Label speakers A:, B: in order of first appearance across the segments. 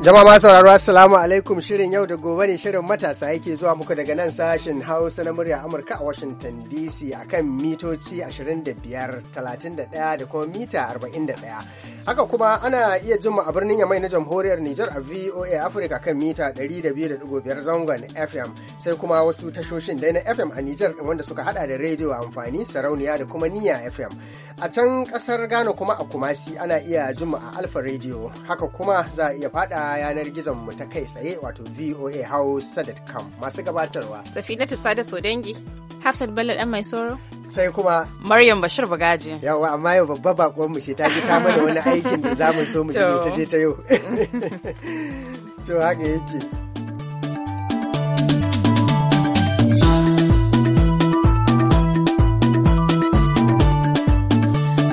A: Jama'a ma sauraro
B: Assalamu alaikum shirin yau da gobe ne shirin matasa yake zuwa muku daga nan sashen Hausa na murya Amurka a Washington DC akan mitoci 25, 31 da kuma mita 41. Haka kuma ana iya jin mu a birnin Yamai na Jamhuriyar Nijar a VOA Africa kan mita 102.5 zangon FM sai kuma wasu tashoshin dai na FM a Nijar wanda suka hada da rediyo amfani sarauniya da kuma niya FM. A can kasar Ghana kuma a Kumasi ana iya jin mu a Alpha Radio. Haka kuma za a iya fada yanar gizon mu ta kai tsaye wato voa hausa.com masu gabatarwa
C: safinatu sada sodangi hafsat bello dan mai soro sai kuma maryam bashir bagaji yawa
B: amma yau babba baƙon mu ta ji ta mana wani aikin da zamu so mu ta ce ta yau to haka yake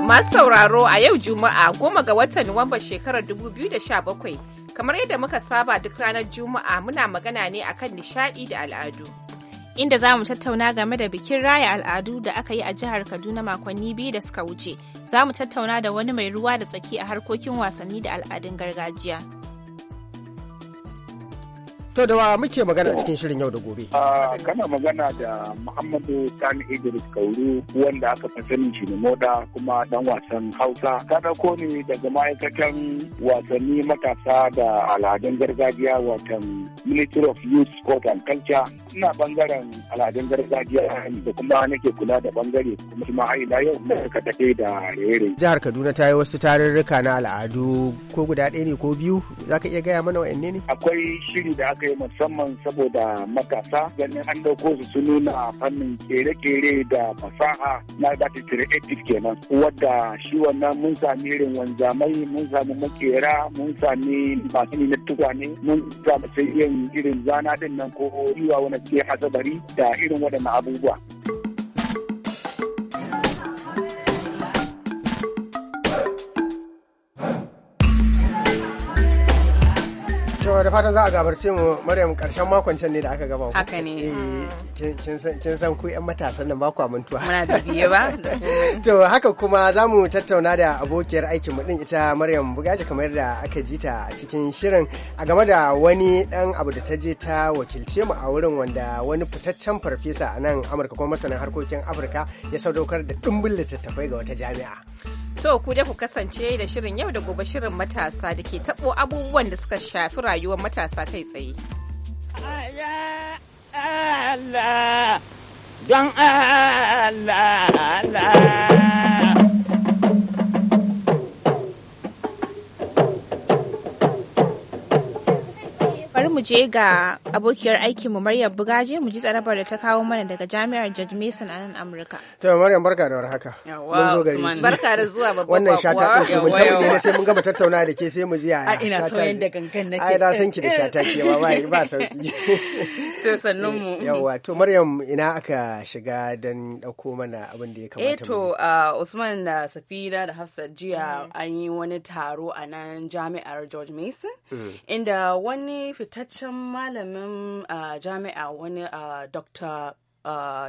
C: Masu sauraro a yau Juma'a goma ga watan Nuwamba shekarar 2017 Kamar yadda muka saba duk ranar Juma'a muna magana ne akan nishaɗi da al'adu. Inda za mu tattauna game da bikin raya al'adu da aka yi a jihar Kaduna makonni biyu da suka wuce. Za mu tattauna da wani mai ruwa da tsaki a harkokin wasanni da al'adun gargajiya.
B: To da wa muke magana a cikin shirin yau da gobe.
D: kana magana da Muhammadu Sani Idris Kauru wanda aka fi sanin shi ne moda kuma dan wasan Hausa. Ka dauko ne daga ma'aikatan wasanni matasa da al'adun gargajiya watan Ministry of Youth, Sport and Culture. Ina bangaren al'adun gargajiya da kuma nake kula da bangare kuma kuma har ila yau na ka tafi da rere.
B: Jihar Kaduna ta yi wasu tarurruka na al'adu ko guda ɗaya ne ko biyu za ka iya gaya mana wa ne?
D: Akwai shiri da aka yi musamman saboda matasa ganin an ɗauko su su nuna fannin kere-kere da fasaha na da creative kenan wadda shi wannan mun sami irin wanzamai mun sami makera mun sami masu na tukwane mun sami sai irin zana din nan ko yiwa wani ce hasabari da irin waɗannan abubuwa.
B: da fatan za a gabarce mu Maryam karshen makon can ne da aka gaba.
E: Haka ne. Eh,
B: kin san ku 'yan matasan nan ba ku amintuwa. Muna da biye ba. To haka kuma za mu tattauna da abokiyar aikin mu din ita Maryam Bugaji kamar da aka ji ta a cikin shirin a game da wani dan abu da ta je ta wakilce mu a wurin wanda wani fitaccen farfesa a nan Amurka kuma masanin harkokin Afirka ya sadaukar da dimbin littattafai ga wata jami'a.
C: To ku da ku kasance da shirin yau da gobe shirin matasa da ke tabo abubuwan da suka shafi rayuwar matasa kai tsaye. Allah, don Allah, Allah. mu je ga abokiyar aikinmu Maryam Bugaje mu ji tsarabar da ta kawo mana daga Jami'ar George Mason a nan Amurka.
B: To Maryam barka da warhaka. Mun zo gari. Barka
C: da zuwa babban Wannan shata ɗin su mun tabbata ne sai mun
B: gaba tattauna da ke sai mu ji a ina so da
E: gangan nake. Ai da san ki da shata ke ba ba
B: sauki. To sannun mu. Yawwa to Maryam ina aka shiga dan dauko mana abin da ya kamata. Eh to
E: uh, Usman da Safina da Hafsa jiya mm. an yi wani taro a nan Jami'ar George Mason mm. inda wani fitar fitaccen malamin jami'a wani dr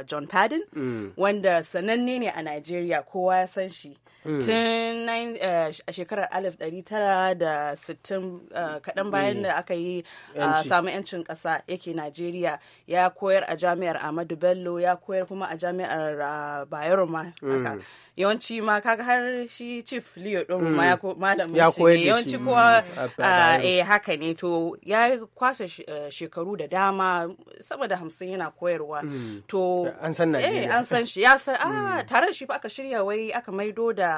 E: john padden mm. wanda sananne ne a nigeria kowa ya san shi Mm. tun eh, a shekarar 1960 eh, kaɗan bayan mm. da aka yi eh, samu 'yancin ƙasa yake Najeriya ya koyar a jami'ar Ahmadu Bello ya koyar kuma a jami'ar ah, Bayero ma mm. yawanci ma kaga har shi chief Leo ɗin ma malamin shi ne yawanci kowa ah, eh haka ne to ya kwasa shekaru da dama sama da hamsin yana koyarwa to
B: an san Najeriya an san
E: shi ya san a ah, tare shi fa aka shirya wai aka maido da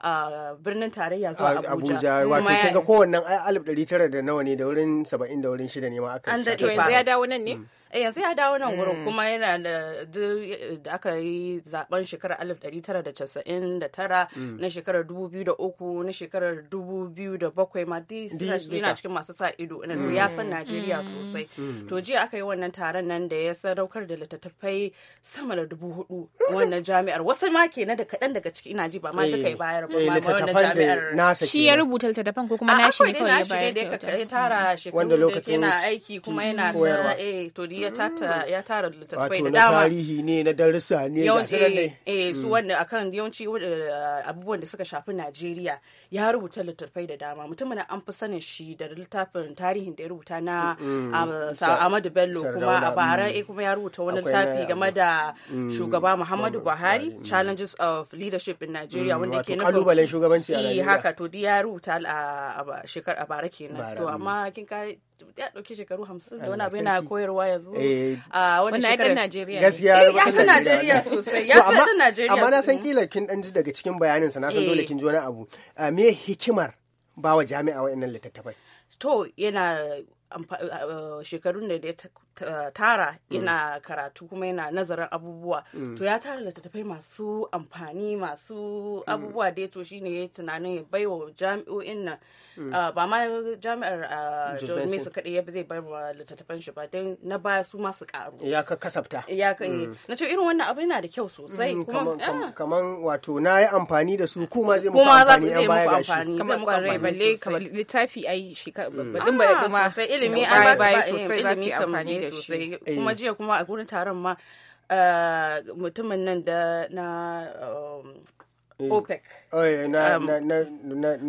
E: Ah, birnin tarayya zuwa Abuja. wato kin ga
B: kowannen alif ɗari tara da nawa ne da wurin saba'in da wurin shida ne ma aka. shi daɗe yanzu ya dawo
E: nan ne? Mm. Eh, yanzu ya dawo nan wurin mm. kuma yana da da aka yi zaben shekarar 1999 mm. na shekarar 2003 na shekarar 2007 ma yana cikin masu sa ido mm. ya san Najeriya sosai to jiya aka yi wannan taron nan da ya sadaukar da littattafai sama da dubu hudu wannan jami'ar wasu ma ke na da kaɗan daga ciki ina ji ba ma duka eh. bayar ba eh, ma wannan jami'ar shi ya
C: rubuta littattafan ko kuma nashi ne kawai ya bayar da
E: ya tara shekaru da na aiki kuma yana ta eh to Mm. tata ya tara littattafai da dama tarihi
B: ne na darussa ne yawanci eh su mm.
E: wanda akan yawanci uh, abubuwan da suka shafi Najeriya ya rubuta littattafai da dama mutumin an fi sanin shi da littafin tarihin da ya rubuta na mm, um, Ahmadu Bello kuma a bara eh kuma ya rubuta wani littafi game da shugaba Muhammadu Buhari challenges of leadership in Nigeria wanda yake nufin kalubalen shugabanci a eh, Najeriya haka to ya rubuta uh, a shekar a bara kenan to amma kin kai ya shekaru hamsin da wani abu yana koyarwa yanzu eh, a wani shekarar Najeriya gaskiya eh, ya san Najeriya sosai ya san Najeriya amma na san
B: kila kin dan ji daga cikin bayaninsa, na san eh. dole kin ji wani abu me hikimar bawa jami'a wa'annan littattafai
E: to yana shekarun da ya tara yana mm. karatu kuma yana nazarin abubuwa mm. to ya tara littattafai masu amfani masu mm. abubuwa dai to shine ya tunanin ya baiwa jami'o'in nan ah, ba ma jami'ar ah, jami'ai su kaɗai ya zai baiwa wa littattafan shi ba don na baya su masu karu.
B: ya ka kasafta
E: ya ka eh. na ce irin wannan abu yana da kyau sosai ah.
B: kaman wato na yi amfani da su kuma zai muku amfani yan baya ga gashi kamar kwarai balle kamar
E: littafi ai shi ka ba kuma sai ilimi an baya sosai eh, za su yi amfani da sosai eh. kuma jiya kuma a gurin taron ma eh, mutumin nan da na um, Mm. opec um,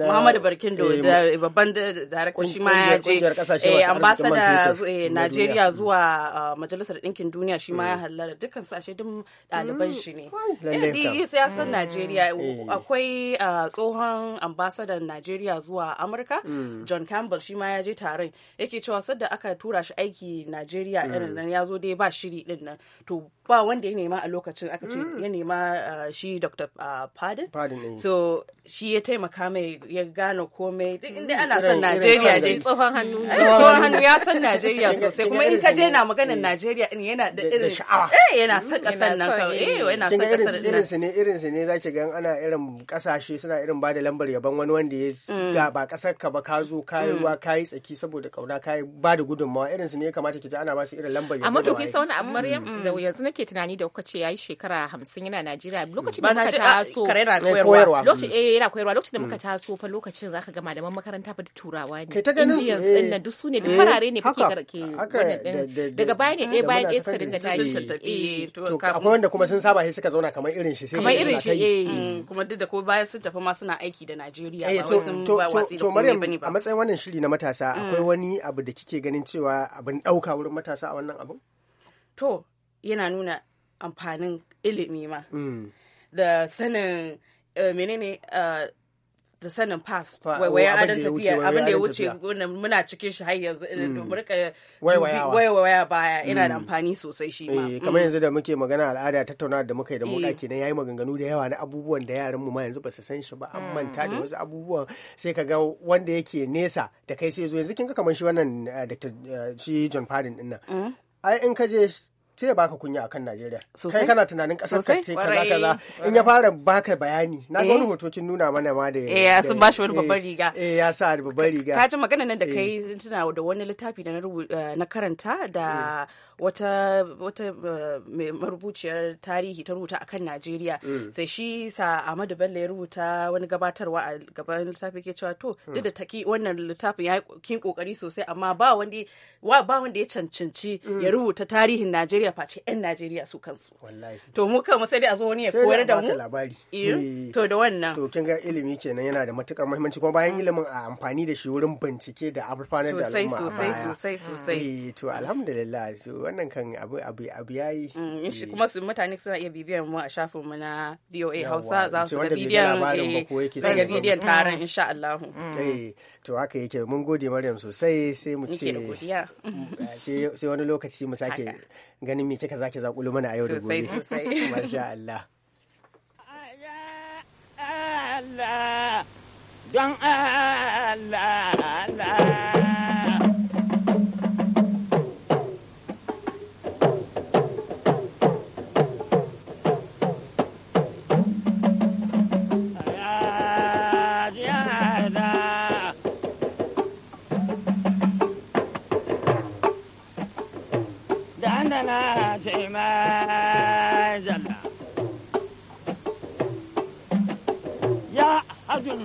E: muhammadu barkindo eh, eh, babban darakta shi ma ya je eh, ambasada najeriya mm. zuwa uh, majalisar ɗinkin duniya shi ma ya mm. hallara dukkan sashe duk ɗaliban shi ne siyasar najeriya akwai uh, tsohon ambasadan najeriya zuwa amurka john campbell shi ma ya je taron yake cewa sadda aka tura shi aiki najeriya irin nan ya zo dai ba shiri din nan to ba wanda ya nema a lokacin aka ce mm. ya nema uh, shi dr padin uh, so shi ya taimaka mai ya gano komai inda ana mm. son najeriya dai eh, tsohon hannu ya san najeriya sosai kuma in ka je na maganin mm. najeriya in yana da irin sha'awa eh, yana son kasar nan kawai eh, yana son kasar irin
B: su ne irin su ne zaki gan ana irin kasashe suna irin ba da lambar yaban wani wanda ya ga ba kasar ka ba ka zo ka yi ruwa ka yi tsaki saboda kauna ka yi ba da gudunmawa irin su ne ya kamata ki ji ana ba su irin lambar yaban amma to kin sauna
C: abu maryam da yanzu nake kake tunani da kuka ce yayi shekara hamsin yana Najeriya lokacin da muka taso eh, koyarwa hmm. lokacin eh yana koyarwa lokacin da muka hmm. taso fa lokacin zaka ga malaman makaranta fa turawa ne kai ta ganin su eh duk su ne da eh, farare ne fike garke daga baya ne ɗaya bayan ɗaya suka dinga tashi
B: eh. to akwai wanda kuma hmm. sun saba sai suka zauna kamar irin shi sai kamar irin shi eh
E: kuma duk da ko bayan sun tafi ma suna aiki da Najeriya ba wai sun ba watsi da komai ba a
B: matsayin wannan shiri na matasa akwai wani abu da kike ganin cewa abin dauka wurin matasa a wannan abu
E: To, yana nuna amfanin ilimi ma mm. da sanin eh, menene eh, da sanin past waiwaya adon tafiya abin da ya wuce muna cikin shi har yanzu eh, mm. murka waiwaya baya yana da mm. amfani sosai shi ma kamar yanzu
B: da muke magana al'ada tattauna da muka yi da mu ɗaki na yayi maganganu da yawa na abubuwan da yaran mu ma yanzu ba su san shi ba an manta da wasu abubuwan sai ka ga wanda yake nesa da kai sai zo yanzu kin ga kamar shi wannan Dr. shi John Padden din nan ai in ka je sai ya baka kunya akan Najeriya. Kai kana tunanin kasar ka ce kaza kaza in ya fara baka bayani. Na ga wani eh. hoto kin nuna mana ma da eh sun bashi wani eh, babbar riga. Eh ya sa babbar riga. Ka ji magana nan da kai
E: eh. tuna da wani littafi da na karanta da wata wata marubuciyar tarihi ta rubuta akan Najeriya. Sai shi sa Ahmadu Bello ya rubuta wani gabatarwa a gaban littafi ke cewa to hmm. duk da taki wannan littafin ya kin kokari sosai amma ba wanda ba wanda ya cancanci hmm. ya rubuta tarihin Najeriya Najeriya face 'yan Najeriya su kansu. To mu kan sai dai a zo wani ya koyar da mu. labari. Eh, eh. To da wannan. To
B: kin ga ilimi kenan yana da matukar muhimmanci kuma bayan ilimin a amfani da shi wurin bincike da amfanar da al'umma. Sosai sosai sosai eh, sosai. To alhamdulillah to wannan kan abu abu abu yayi. Mm,
E: in shi kuma su mutane suna iya bibiyan mu a shafin mu na VOA Hausa za su ga bidiyon eh ga bidiyon taron mm. insha Allah. Mm. Eh
B: to haka yake mun gode Maryam sosai sai mu ce sai wani lokaci mu sake ganin me kika zaki zakulu mana a yau da gobe. Sosai sosai. Masha Allah. Allah don Allah Allah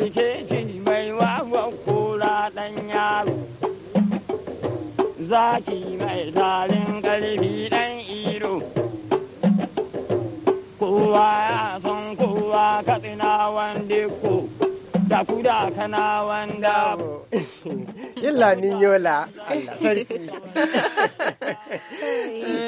F: alkeki mai wagon kura ɗan yaro zaki mai tarin ƙarfi ɗan iro kowa ya san kowa katsina wanda ko da kuda kana wanda
B: yola, Allah sarki.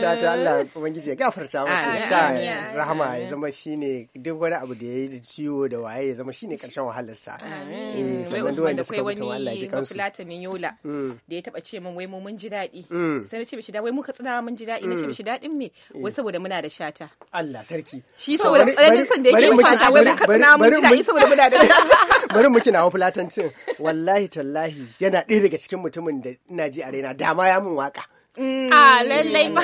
F: shata Allah
B: ubangiji ya gafarta masa ya sa rahama ya zama shine duk wani abu da ya yi da ciwo da waye ya zama shine karshen wahalarsa eh sannan duk wanda suka mutu Allah ya ji kansu
C: Fulatanin Yola mm. da ya taba ce min wai mu mun ji daɗi mm. sai na ce mishi da wai muka tsina mun ji daɗi na ce mm. mishi daɗin me eh. wai saboda muna da shata Allah sarki shi saboda tsananin son da yake shata wai muka tsina mun ji daɗi saboda muna da shata
B: bari mu kina wa fulatancin wallahi tallahi yana ɗaya daga cikin mutumin da ina ji a raina dama ya mun waka
C: Mm. a ah, lallai ba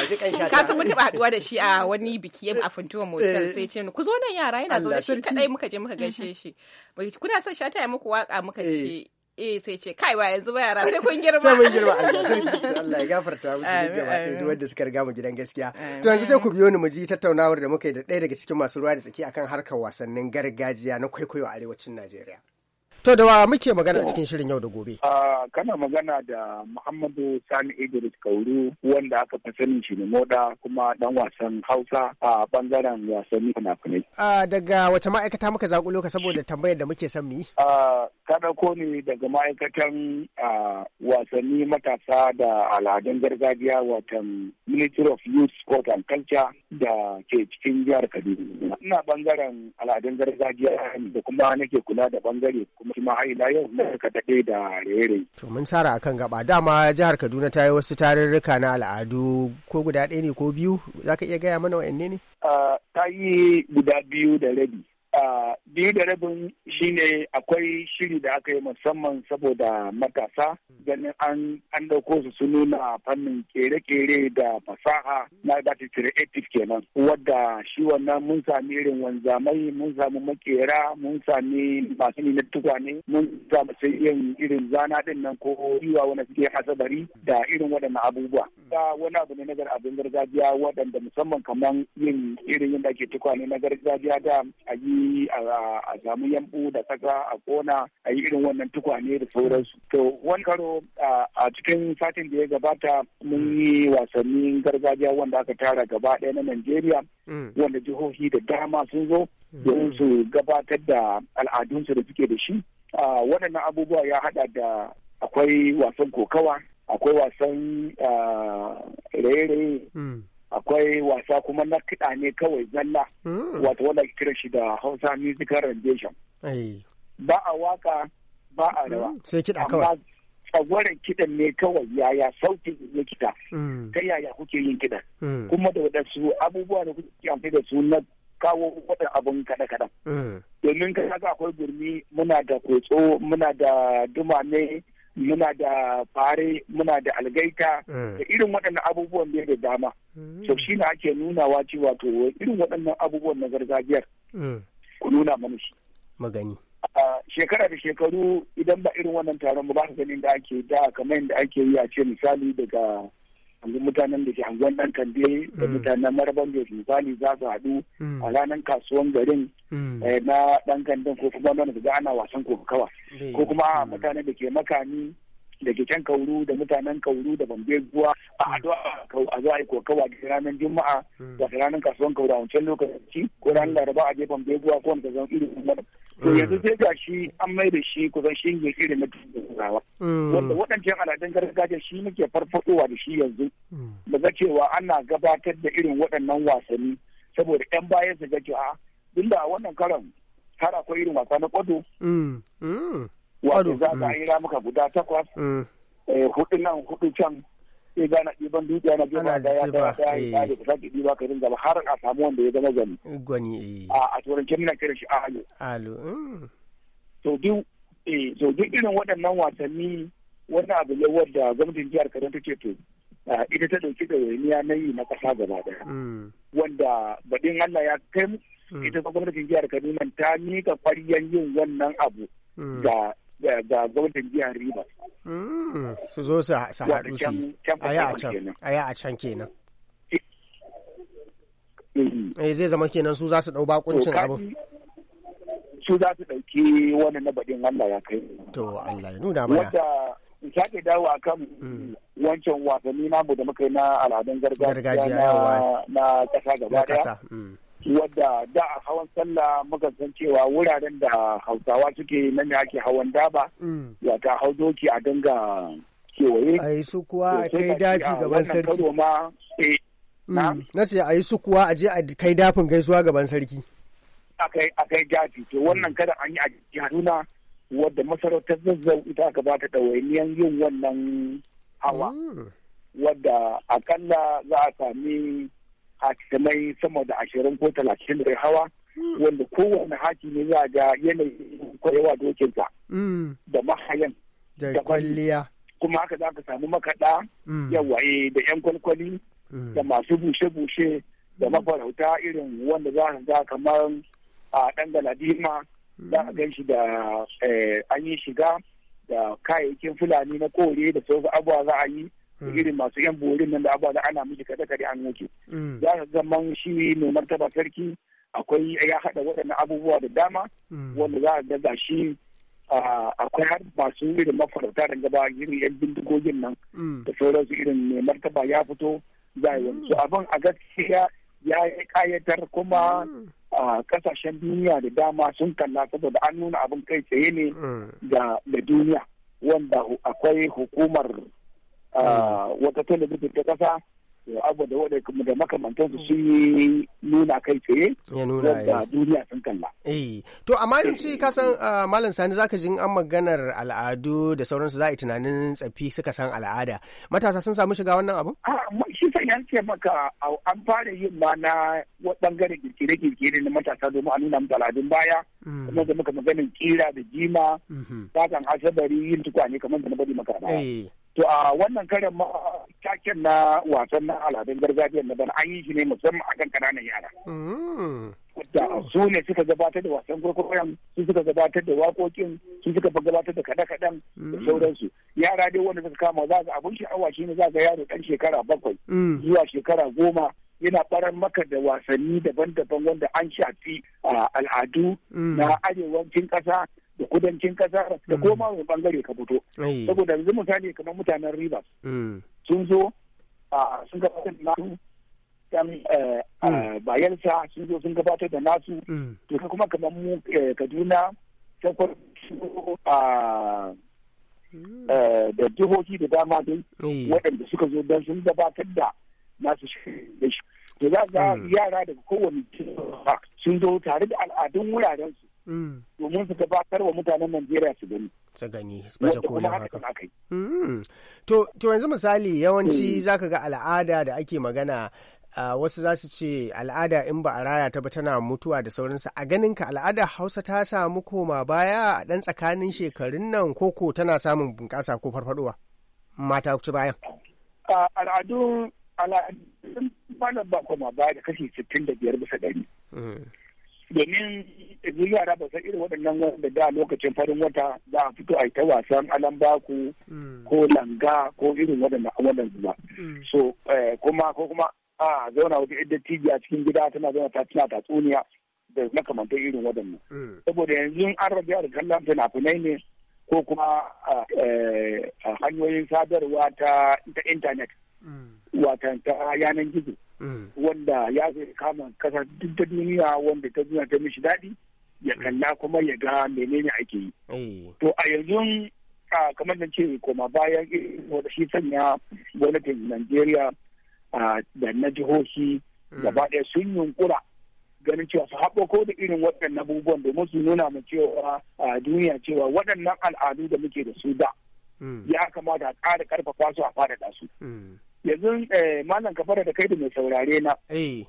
C: ka haduwa a wani biki a eh. Funtuwa Motel eh. sai ce ku zo nan yara yana zo da shi muka je muka gaishe mm-hmm. shi kuna son shata ya muku waka muka eh. ce eh sai ce kai ba yanzu ba yara sai kun girma sai mun girma Allah sarki
B: Allah ya gafarta musu duk wanda suka riga mu gidan gaskiya to yanzu sai ku biyo ni mu ji tattaunawar da muka yi da ɗaya daga cikin masu ruwa da tsaki akan harkar wasannin gargajiya na kwaikwayo
D: a arewacin Najeriya
B: To da wa muke magana cikin shirin yau da gobe?
D: A kana magana da Muhammadu Sani Idris Kauru wanda aka fi sanin shi moda kuma dan wasan Hausa a bangaren wasanni fina
B: A daga wata ma'aikata muka zakulo loka saboda tambayar da muke son mu yi?
D: Kada ko ne daga ma'aikatan wasanni matasa da al'adun gargajiya watan Ministry of Youth, Sport and Culture da ke cikin jihar Kaduna. Ina bangaren al'adun gargajiya da kuma nake kula da bangare kuma shi ma har ila yau na ka daɗe da rere
B: To mun sara akan gaba dama jihar Kaduna ta yi wasu tarurruka na al'adu ko guda ɗaya ne ko biyu za ka iya gaya mana wa'anne ne?
D: Ah, ta yi guda biyu da rabi. biyu da rabin shine akwai shiri da aka yi musamman saboda matasa ganin an dauko su su nuna fannin kere-kere da fasaha na dati creative kenan wadda shi wannan mun sami irin wanzamai mun sami makera mun sami masu ne na tukwane mun sami sai yin irin zana din nan ko yiwa wani suke hasabari da irin waɗannan abubuwa da wani abu ne na abin gargajiya waɗanda musamman kamar yin irin yadda ake tukwane na gargajiya da a yi yi a samu yambu da saka a kona a yi irin wannan tukwane da sauransu to wani karo a cikin satin da ya gabata mun mm. yi wasannin gargajiya wanda aka tara gaba ɗaya na najeriya mm. wanda jihohi da dama sun zo mm. don su gabatar da al'adunsu da suke da shi waɗannan abubuwa ya haɗa da akwai wasan kokawa akwai wasan raye-raye akwai wasa kuma na kiɗa ne kawai zalla hmm. wato wanda kira shi da hausa musical rendition ba a waka ba a rawa hmm, sai kiɗa kawai tsagwaron kiɗan ne kawai yaya sauti ya kiɗa hmm. ta yaya kuke yin kiɗan kuma da waɗansu abubuwa da kuke amfani da su na kawo wadda abin kaɗe-kaɗen domin ka ga akwai gurmi muna da kotso muna da duma ne. muna da fare muna da algaita eh. da irin waɗannan abubuwan da dama hmm. so shi ne ake nunawa cewa to irin waɗannan abubuwan na gargajiyar eh. ku nuna mana shi magani shekara da shekaru idan ba irin wannan taron ba ba ka ganin da ake da kamar yadda ake yi a ce misali daga yanzu mutanen da ke anguwan dan kande da mm. mutanen maraban da misali za su haɗu mm. a ranar kasuwan garin mm. eh, na dan kandin ko kuma wanda ga ana wasan kokawa ko kuma mutanen da ke makani da ke can kauru da mutanen kauru da guwa a haɗu hmm. a zuwa ko kawa da ranar juma'a da hmm. ranar kasuwan kauru a wancan lokaci ko ranar hmm. laraba a je guwa ko wanda zan iri wani to yanzu sai ga shi an mai da shi kusan shi ne irin na zawa wanda waɗancan al'adun gargajiya shi muke farfaɗowa da shi yanzu ga cewa ana gabatar da irin waɗannan wasanni saboda 'yan bayan su ga cewa tunda a wannan karan har akwai irin wasa na kwado wato za ka yi mm. ramuka guda takwas mm. eh, hudu nan hudu can sai gana ɗiban dutse na jefa da ya da ya yi da ka sake ɗiba ka dinga har a samu wanda ya zama gani gwani eh. a turancin nan kira shi alu alu to mm. duk to eh, duk irin waɗannan wasanni wani abu ne wadda gwamnatin jihar Kaduna take to ita ta ɗauki ɗawainiya na yi na ƙasa gaba ɗaya wanda baɗin Allah ya kai ita gwamnatin jihar Kaduna ta mika ƙwaryan yin wannan abu ga ga gwamnatin jihar Rivers.
A: Hmm, su
B: zo su haɗu su yi. a yi a can kenan. Mm-hmm. Eh zai zama kenan su za su ɗau bakuncin abin.
D: Su za su ɗauki wani na baɗin Allah ya kai.
B: To Allah ya nuna mana. Wanda
D: in sake dawo a kan mm. wancan wasanni namu da muka yi na al'adun gargajiya na ƙasa gaba ɗaya. Mm. wadda da a hawan sallah muka san cewa wuraren da hausawa suke na me ake hawan daba mm. ta hau doki a dinga
B: kewaye a yi su kuwa a kai dafi gaban sarki eh, mm. na ce a yi su kuwa a je a kai dafin gaisuwa gaban sarki
D: a kai dafi to wannan kada an yi a jihaduna wadda masarautar zazzau ita aka ba ta ɗawainiyar yin wannan hawa mm. wadda akalla za a sami hakimai sama da ashirin ko talatin da hawa hmm. wanda kowane hakimi za ga yanayi kwarewa dokinsa hmm. da mahayan
B: da kwalliya
D: kuma haka za ka samu makaɗa hmm. yawaye eh, da 'yan kwalkwali da masu bushe-bushe da mafarauta irin wanda za ka ga kamar a ɗan galadima za a gan shi da eh, an yi shiga da kayayyakin fulani na kore da sauran abubuwa za a yi Mm. irin masu yan borin nan da abuwa da ana miji kada kare an wuce mm. za ka zama shi mai martaba sarki akwai ya haɗa waɗannan abubuwa da dama mm. wanda za a gaza shi akwai har masu irin mafarauta da gaba irin yan bindigogin nan da sauransu irin mai martaba ya fito za a yi abin a gaskiya ya yi kayatar kuma ƙasashen duniya da dama sun kalla saboda an nuna abin kai tsaye ne da duniya wanda akwai hukumar Ah, mm. wata talabijin ta kasa abu da wadda da makamantansu sun yi nuna kai tsaye nuna da eh. duniya sun kalla. Eh, to amma eh, yanzu eh,
B: ka san ah, Malam Sani zaka jin an maganar al'adu da sauransu za a yi tunanin tsafi suka san
D: al'ada. Matasa sun samu shiga wannan abu? Ah, shi sai yan ce maka an fara yin ma na bangaren kirkire-kirkire na matasa domin a nuna al'adun baya. Mm. Kuma da muka maganin kira da jima, mm-hmm. fatan asabari yin tukwane kamar da na bari to a wannan karin ma taken na wasan na al'adun gargajiya na bana an yi shi ne musamman a kan kananan yara mm. da su ne suka gabatar da wasan kwaikwayon su suka gabatar da waƙoƙin su suka gabatar da kaɗe-kaɗen da mm. sauransu yara dai wanda suka kama za ga abin sha'awa shi ne za ga yaro ɗan shekara bakwai mm. zuwa shekara goma yana barar maka da wasanni daban-daban wanda an shafi al'adu na arewacin ƙasa da kudancin kasa da mm. koma wani bangare ka fito saboda yanzu misali kamar mutanen rivers mm. sun zo sun gabatar da nasu yan eh, mm. eh, bayelsa sun zo sun gabatar da nasu to kuma kamar mu eh, kaduna a da jihohi da dama dai waɗanda suka zo don sun gabatar da nasu shi da za ga yara daga kowane sun zo tare da al'adun wurarensu domin su gabatar wa mutanen Najeriya su gani. Su gani, baje kolin haka.
A: Hmm.
B: To, to yanzu misali yawanci hmm. zaka ga al'ada da ake magana Uh, wasu za su ce al'ada in ba a raya ta ba tana mutuwa da sauransu a ganinka al'ada hausa ta samu koma baya a ɗan tsakanin shekarun nan koko tana samun bunƙasa ko farfadowa, mata ci bayan
D: al'adun al'adun ba koma baya da kashi 65 bisa ɗari hmm. domin yanzu yara ba san irin waɗannan wanda da lokacin farin wata za a fito a yi ta wasan alambaku mm. ko langa ko irin waɗannan ba mm. so eh, kuma ko kuma a zauna wata yadda tijiya a cikin gida tana zauna ta tana tatsuniya da makamantar irin waɗannan mm. saboda yanzu an rabu yara kallon fina-finai ne ko kuma eh, eh, hanyoyin sadarwa ta intanet watan ta yanar gizo Mm. wanda ya zai kama kasa duk ta duniya wanda ta duniya ta mishi daɗi ya mm. kalla kuma ya ga menene ake yi oh. to a yanzu a kamar da ce koma bayan wanda shi sanya gwamnatin najeriya da na jihohi mm. gaba ɗaya sun yunkura ganin cewa su ko da irin waɗannan abubuwan domin su nuna mu cewa a duniya cewa waɗannan al'adu da muke da su da ya kamata a ƙara ƙarfafa su a faɗaɗa su yanzu eh, malam kafara da kai da mai saurare na da eh.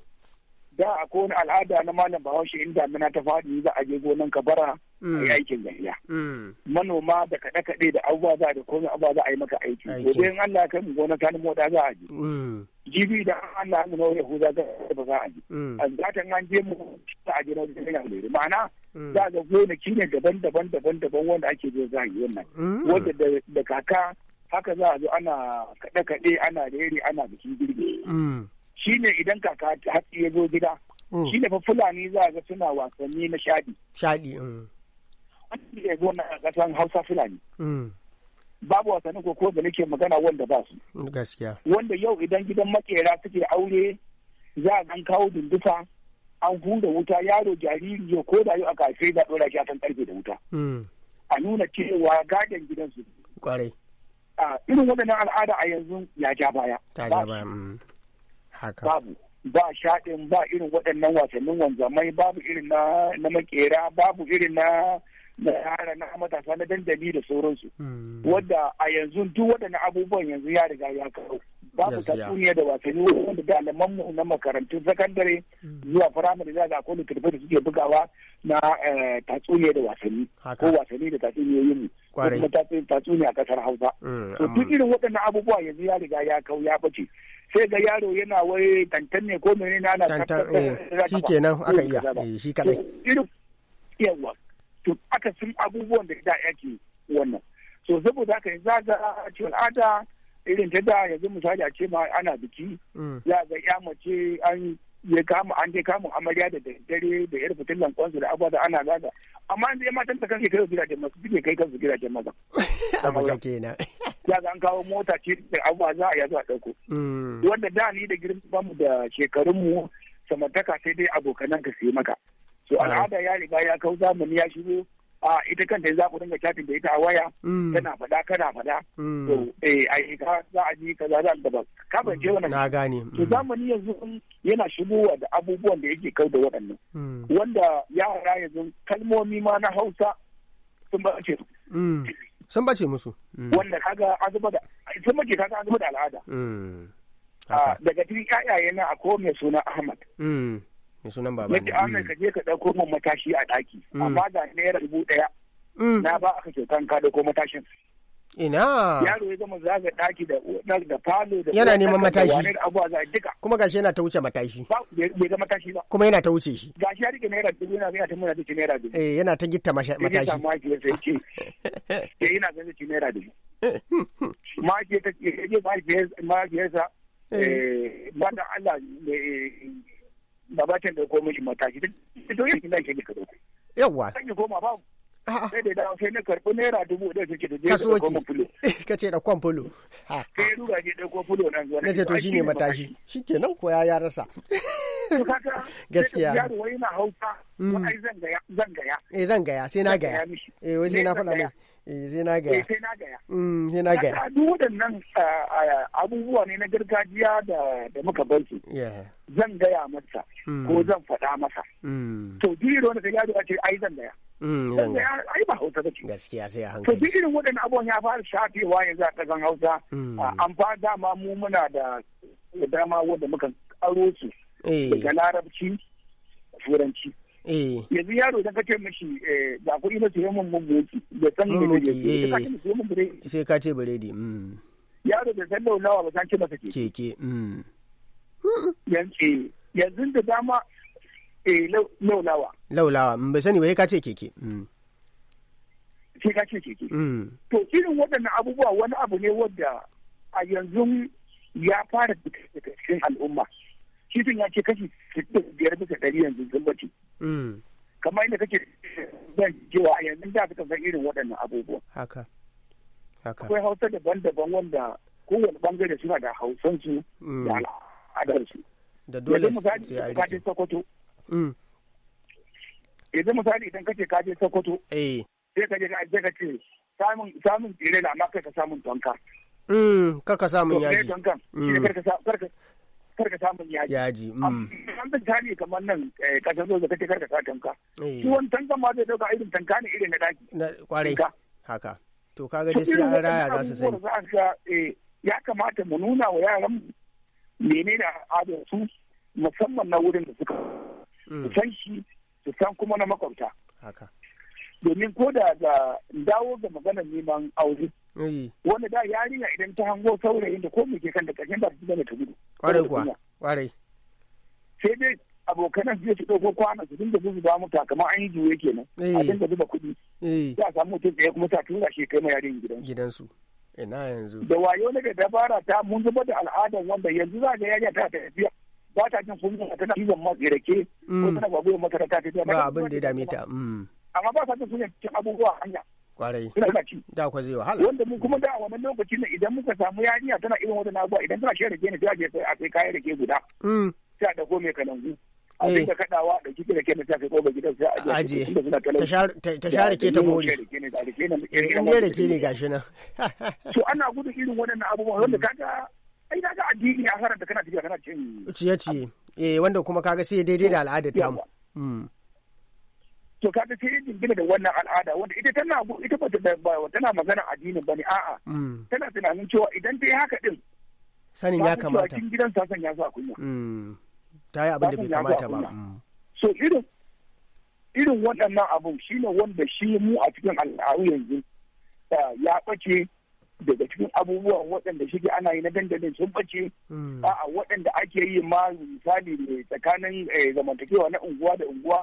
D: a kowane al'ada na malam ba bahaushe inda mana ta faɗi za a je gonan kabara a mm. yi aikin gayya mm. manoma da kaɗe-kaɗe da abubuwa za a da komai abubuwa za a yi maka aiki gobe in Allah kai mu gonar kanin moda za a je mm. jibi da Allah mu nauyi huza za ba za a je a zata an je mu za a je na wajen yana lere ma'ana za a ga gonaki ne daban-daban daban-daban wanda ake je za a yi wannan wanda da kaka haka za a zo ana kaɗe-kaɗe ana rere ana shi girbe mm. shi ne idan kaka hatsi ya zo gida mm. shi ne fa fulani za a ga suna wasanni na shaɗi shaɗi wani mm. da zo na ƙasan hausa fulani babu wasannin ko da nake magana wanda ba su gaskiya wanda yau idan gidan makera suke aure za a gan kawo dundufa an hura wuta yaro jariri ya koda yau a kafe da a ɗora shi a kan ƙarfe da wuta a nuna cewa gadon gidansu kwarai irin waɗannan al'ada a yanzu ya ja baya.
A: Ta ja baya. Mm,
D: haka. Babu. Ba shaɗin ba irin waɗannan wasannin wanzamai babu irin na na makera babu irin na na yara na matasa na dandali da sauransu. Mm. Wadda a yanzu duk waɗannan abubuwan yanzu ya riga ya kawo. Babu tatsuniya da wasanni wanda dalaman mu na makarantun sakandare mm. zuwa firamare za ga akwai littattafai da suke bugawa na eh, tatsuniya da wasanni. Ko wasanni da tatsuniyoyin mu. kuma tatsuniya a kasar hausa
A: mm, to duk
D: irin waɗannan abubuwa yanzu ya riga ya kau ya bace sai ga yaro yana wai tantan ne ko menene ana eh, eh, shi kenan aka iya eh, shi kadai irin yawa to aka sun abubuwan da da yake wannan so saboda haka yanzu ga cewa al'ada irin ta da yanzu misali a ce ma ana biki mm. za ga ya mace an ya kama an je kamun amarya da daddare da yar fitillan kwansu da abuwa ana gaza amma yanzu ya matan ta kashe kai gidajen masu suke kai kansu gidajen maza
B: abuja kenan
D: ya ga an kawo mota ce da abuwa za a yazo a dauko mm. wanda da ni da girman mu da shekarun mu samantaka sai dai abokanan ka sai maka so al'ada ya riga ya kau zamani ya shigo a ita kanta za ku dinga chatin da ita a waya mm. tana faɗa kana faɗa mm. to eh ai ka za a ji kaza za da ba ka ban je mm. wannan na gane to zamani yanzu yana shigowa da abubuwan da yake kai da waɗannan wanda yara yanzu kalmomi ma na Hausa sun ba ce sun bace musu wanda kaga azuba da sun bace kaga azuba da al'ada daga cikin ƴaƴaye na akwai mai suna Ahmad mai sunan baba ne ka a mm. amma naira dubu mm. na ba aka kyautan ka ina yana neman matashi
B: kuma gashi yana ta wuce matashi kuma yana ta wuce shi
D: gashi yana ta gitta matashi yana eh, ta ba ba ta dauko mishi mataki yin da ke Ka dauko yawa sai koma ba sai da dawo sai na karbi naira dubu da suke da je fulo da kwan fulo dauko fulo nan to shine matashi
B: shikenan ko ya ya rasa
D: gaskiya yaro wai na hauka ko hmm. ai zan gaya zan gaya eh zan gaya sai na gaya eh wai sai na faɗa mai
B: eh sai na gaya eh, sai na gaya
D: duk mm, waɗannan abubuwa ne na gargajiya da muka bar su zan gaya masa mm. ko zan faɗa masa
A: mm. to
D: duk irin wanda ya ce ai zan gaya zan gaya ai ba hausa ba gaskiya sai a hankali to duk irin waɗannan abubuwan ya fara shafewa yanzu a ƙasan hausa an fa dama mu muna da dama wanda muka aro su eh. daga larabci turanci Eh. yanzu yaro idan kace mishi ba kuɗi na su yamma mun moki da san da zai eh. sai ka ce biredi mm. yaro da san nawa ba san ce masa ke keke mm. eh, yanzu da dama laulawa
B: laulawa mm, bai sani ba ka ce keke
D: sai ka ce keke to irin waɗannan abubuwa wani abu ne wanda a yanzu ya fara daga cikin al'umma kifin ya ce kashi biyar bisa ɗari yanzu sun bace mm. kamar inda kake zan cewa a yanzu da suka san irin waɗannan abubuwan
B: haka haka akwai
D: hausa daban-daban wanda kowane bangare suna da su mm. da al'adarsu da dole su ce a rike sokoto mm. yanzu misali idan kace kaje Sokoto. Eh. sai kaje ka je ka ce samun samun tsire na amma kai ka samun tonka
B: kaka samun yaji.
D: karka samun yaji yaji mm. an bin ne kamar nan eh, kasar zo zaka ce karka sa tanka eh. shi wani tanka ma zai dauka irin tanka ne irin na daki na kwarai haka to kaga dai sai an raya za su sani eh, ya kamata mu nuna wa yaran menene al'adar su musamman na wurin da suka mm. su san shi su san kuma na makwabta haka domin ko da ga dawo ga maganar neman aure wanda da yarinya idan ta hango saurayin da ko muke ke kan da karshen ba ta ta gudu kwarai kuwa kwarai sai dai abokanan zai su ɗauko kwana su dinga zuzu ba mutu kamar an yi juwe kenan a dinga zuba kuɗi za a samu mutum ɗaya kuma ta tura shi kai ma yarin gidan gidansu ina yanzu da wayo na da dabara ta mun zuba da al'adar wanda yanzu za ga yarinya ta tafiya ba ta jin a tana cizon matsirake ko tana babu makaranta ta ba abin da ya dame ta amma ba sa ta suna cikin abubuwa hanya
B: kwarai da kwa zai wahala wanda
D: mu kuma da a wannan lokaci ne idan muka samu yarinya tana irin wata idan tana shan rake ne sai a a kai kayan ke guda sai a dauko mm. mai kalangu a eh. dinga kadawa da kike da kenan sai kai koba gidan sai a aje ta share ke ta bori eh, in ne rake ne gashi nan to ana gudun irin waɗannan abubuwa wanda kaga ai na ga addini a harar da kana tafiya kana cin
B: ciye ciye eh wanda kuma kaga
D: sai daidai da al'adar tamu to kaga sai yin jingina da wannan al'ada wanda ita tana ita ba tana magana addinin bane a'a mm. tana tunanin cewa idan ta yi haka din
B: sanin ya kamata cikin
D: gidan ta san ya sa kunya mm. ta yi abin da bai kamata ba mm. so irin irin waɗannan abun shine wanda shi mu a cikin al'adu yanzu ya ɓace daga cikin abubuwan waɗanda shige ana yi na dandalin sun bace A'a waɗanda ake yi ma misali tsakanin eh, zamantakewa na unguwa da unguwa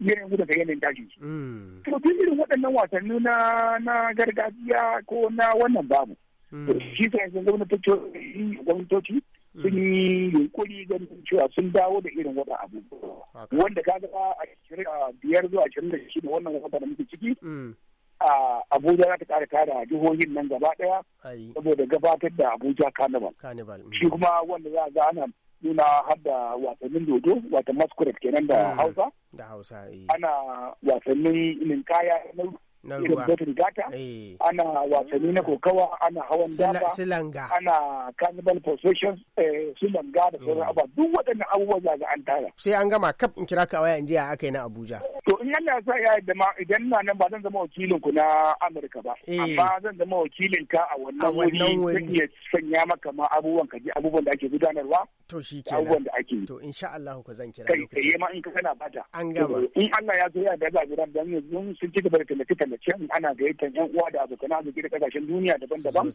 D: yanayin gudun ka yanayin tashin shi. Mm. To duk irin waɗannan wasanni na na gargajiya ko na wannan babu. Mm. Shi sa yanzu gwamnatoci gwamnatoci mm. sun yi yunkuri ganin cewa sun dawo da irin waɗannan abubuwa. Wanda ka ga a biyar zuwa ashirin da shi da wannan wata da muke ciki. a Abuja za ta kara kara jihohin nan gaba ɗaya. saboda gabatar da Abuja Carnival. Shi kuma wanda za a ga ana suna har da wasannin dodo wata masquerade kenan da mm. hausa da hausa eh. ana wasannin ninkaya na irin botin gata eh. ana wasanni na kokawa ana hawan Silanga. ana carnival processions eh, su langa da sauran mm. abubuwa duk waɗannan abubuwa za ga an tara sai an gama
B: kaf in kira ka waya in je aka yi na
D: Abuja to in Allah ya sa ya yadda ma idan na nan ba zan zama wakilin ku na Amurka ba eh. amma zan zama wakilin ka a wannan wuri zan iya sanya maka ma abubuwan ka ji abubuwan da ake gudanarwa to shi ke abubuwan da ake yi to insha Allah ku zan kira kai kai ma in ka kana bata an gama in Allah ya so ya da za a gudanar da yanzu sun ci gaba da tallace tallace tallace in ana gayyatar yan uwa da abokan arziki da kasashen duniya daban-daban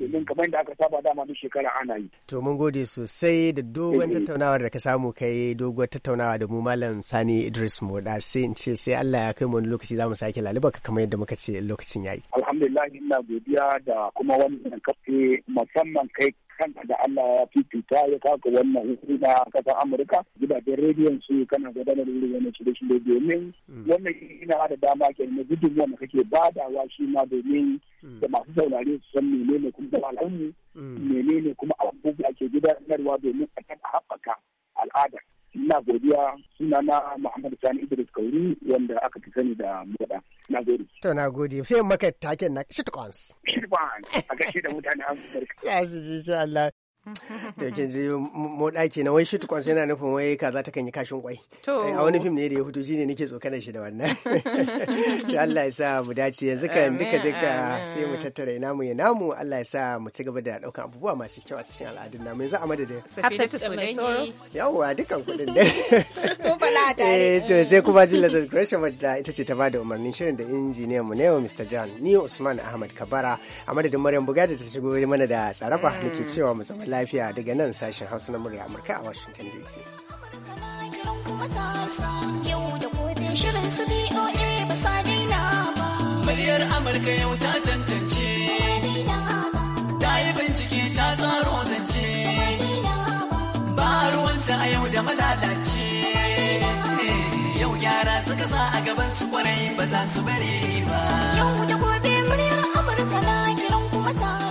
D: domin kamar da aka saba dama duk shekara ana yi.
B: To mun gode sosai da dogon tattaunawar da ka samu kai dogon tattaunawa da mu malam Sani Idris Moda sai in ce sai Allah ya kai mu wani lokaci zamu sake laluba ka kamar yadda muka ce lokacin yayi.
D: Alhamdulillah ina godiya da kuma wannan kafe musamman kai kanka da Allah ya fifita ya kaka wannan hukuma a kasar Amurka gidajen rediyon su kana gudanar da wani shirye-shirye domin mm. wannan ina da dama ke na gudun wanda kake badawa shi ma domin mm. da masu saurare su san menene kuma da al'ummu mm. menene kuma abubuwa ke gudanarwa domin a kan haɓaka al'adar. ina godiya suna na Muhammad Sani Idris Kauri wanda aka fi sani da moda. Na
B: gode. To na gode. Sai maka taken na shitcoins.
D: Shitcoins. A gashi da mutane an barka.
B: Ya su ji insha Allah. to kin ji mo daki na wai shi tukwan sai yana nufin wai za ta kan yi kashin kwai eh, a wani fim ne da ya fito shine nake tsokanar shi da wannan to Allah ya sa mu dace yanzu kan duka duka sai mu tattara ina mu ya namu Allah ya sa mu ci gaba da daukan abubuwa masu kyau a cikin al'adun namu yanzu a madadin Hafsatu Tsunani yawa dukan kudin da
C: ko bala eh to sai kuma Jilla
B: Gresham da ita ce ta bada umarnin shirin da injiniyan mu ne Mr. John ni Usman Ahmad Kabara a madadin Maryam Bugaji ta shigo mana da tsarafa mm. nake cewa mu zama lafiya daga nan sashen hausa na murya amurka a washington dc
F: muryar amurka yau ta tantance ta yi bincike ta tsaro zance ba ruwanta a yau da malalace eh, yau gyara suka sa a gaban su kwarai ba za su bare ba yau
A: da gobe muryar amurka na kiran kuma ta